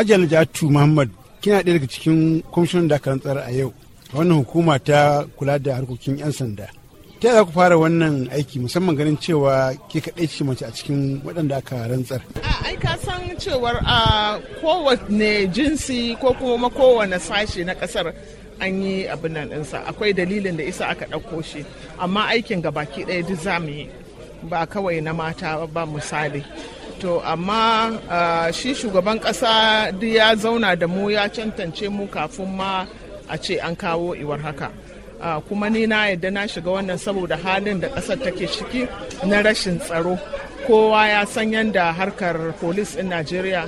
Hajiya Najatu Muhammad kina ɗaya daga cikin kwamishinan da aka rantsar a yau wannan hukuma ta kula da harkokin 'yan sanda. Ta za ku fara wannan aiki musamman ganin cewa ke kaɗai ce mace a cikin waɗanda aka rantsar. Ai ka san cewar a kowane jinsi ko kuma kowane sashe na ƙasar an yi abin nan ɗinsa akwai dalilin da isa aka ɗauko shi amma aikin ga baki ɗaya duk za mu yi ba kawai na mata ba misali to amma uh, shi shugaban kasa duk ya zauna da mu ya cantance mu kafin ma a ce an kawo iwar haka ah, kuma ni na yadda na shiga wannan saboda halin da ƙasar take ciki na rashin tsaro kowa ya san yadda harkar polis in najeriya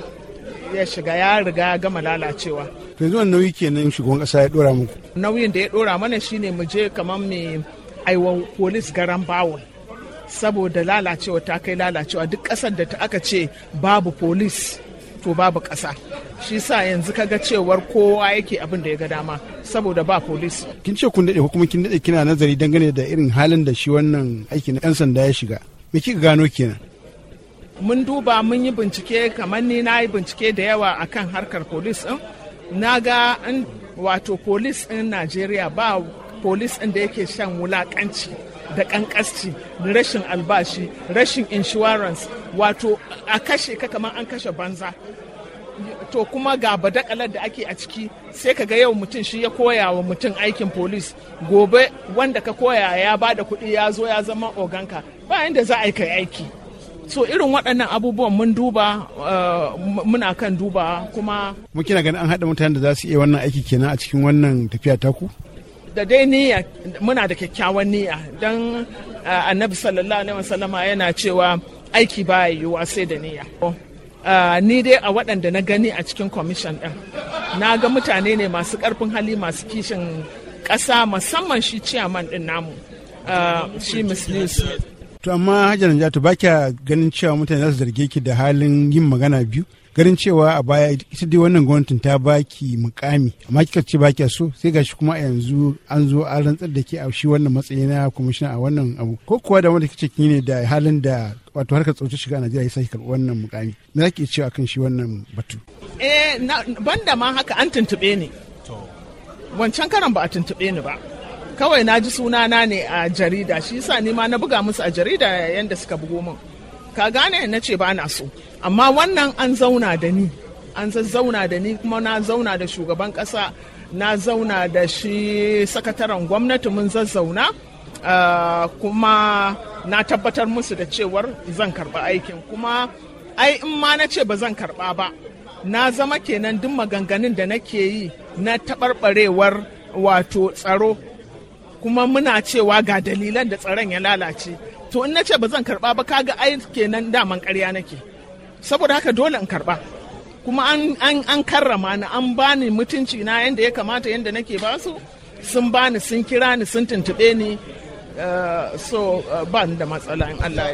ya shiga ya riga gama lalacewa to yanzu nauyi kenan shugaban kasa ya dora muku nauyin da ya dora mana shine mu je kamar mai aiwa polis garan bawon saboda lalacewa ta kai lalacewa duk ƙasar da ta aka ce babu polis to babu ƙasa shi sa yanzu kaga cewar kowa yake abin da ya ga dama saboda ba polis kin ce kun daɗe ko kuma kin daɗe kina nazari dangane da irin halin da shi wannan aiki na 'yan sanda ya shiga me kika gano kenan mun duba mun yi bincike kamar ni na yi bincike da yawa akan harkar polis ɗin na ga wato polis ɗin najeriya ba polis ɗin da yake shan wulakanci da kankasci rashin albashi rashin insurance wato a kashe ka kamar an kashe banza to kuma ga badakalar da ake a ciki sai ka ga yau mutum shi ya koya wa mutum aikin polis gobe wanda ka koya ya ba da kuɗi ya zo ya zama oganka bayan da za a yi aiki so irin waɗannan abubuwan mun duba eh, muna kan duba kuma muke na ganin an haɗa mutane da za su iya wannan aiki kenan a cikin wannan tafiya taku da dai niyya muna da kyakkyawan niyya don eh, annabi sallallahu alaihi wasallama yana cewa aiki ba yiwuwa sai da niyya eh, ni dai a waɗanda na gani a cikin kwamishin ɗin na ga mutane ne masu ƙarfin hali masu kishin ƙasa musamman shi ciyaman ɗin namu eh, shi miss to amma hajjar najatu ba kya ganin cewa mutane za su zarge ki da halin yin magana biyu ganin cewa a baya ita dai wannan gwamnatin ta baki mukami amma kika ce baki so sai gashi kuma a yanzu an zo an rantsar da ke a shi wannan matsayi na kwamishina a wannan abu ko kuwa da wanda kice ne da halin da wato harkar tsoci shiga Najeriya ya kika karɓi wannan mukami me zaki cewa kan shi wannan batu eh banda ma haka an tuntube ni wancan karan ba a tuntube ni ba kawai na ji sunana ne a jarida shi yasa ni ma na buga musu a jarida yadda suka bugo min ka gane na ce ba na so amma wannan an zauna da ni an zazzauna da ni kuma na zauna da shugaban kasa na zauna da shi sakataren gwamnati mun zazzauna uh, kuma na tabbatar musu da cewar zan karba aikin kuma ai in ma na ce ba zan karba ba na zama kenan duk maganganun da nake yi na taɓarɓarewar wato tsaro kuma muna cewa ga dalilan da tsaron ya lalace to in na ce ba zan karba ba kaga ai kenan daman karya nake saboda haka dole in karba kuma an, karrama ni an bani mutunci na yadda ya kamata yanda nake ba su sun bani sun kira ni sun tuntuɓe ni eh, so eh, ba ni da matsala in Allah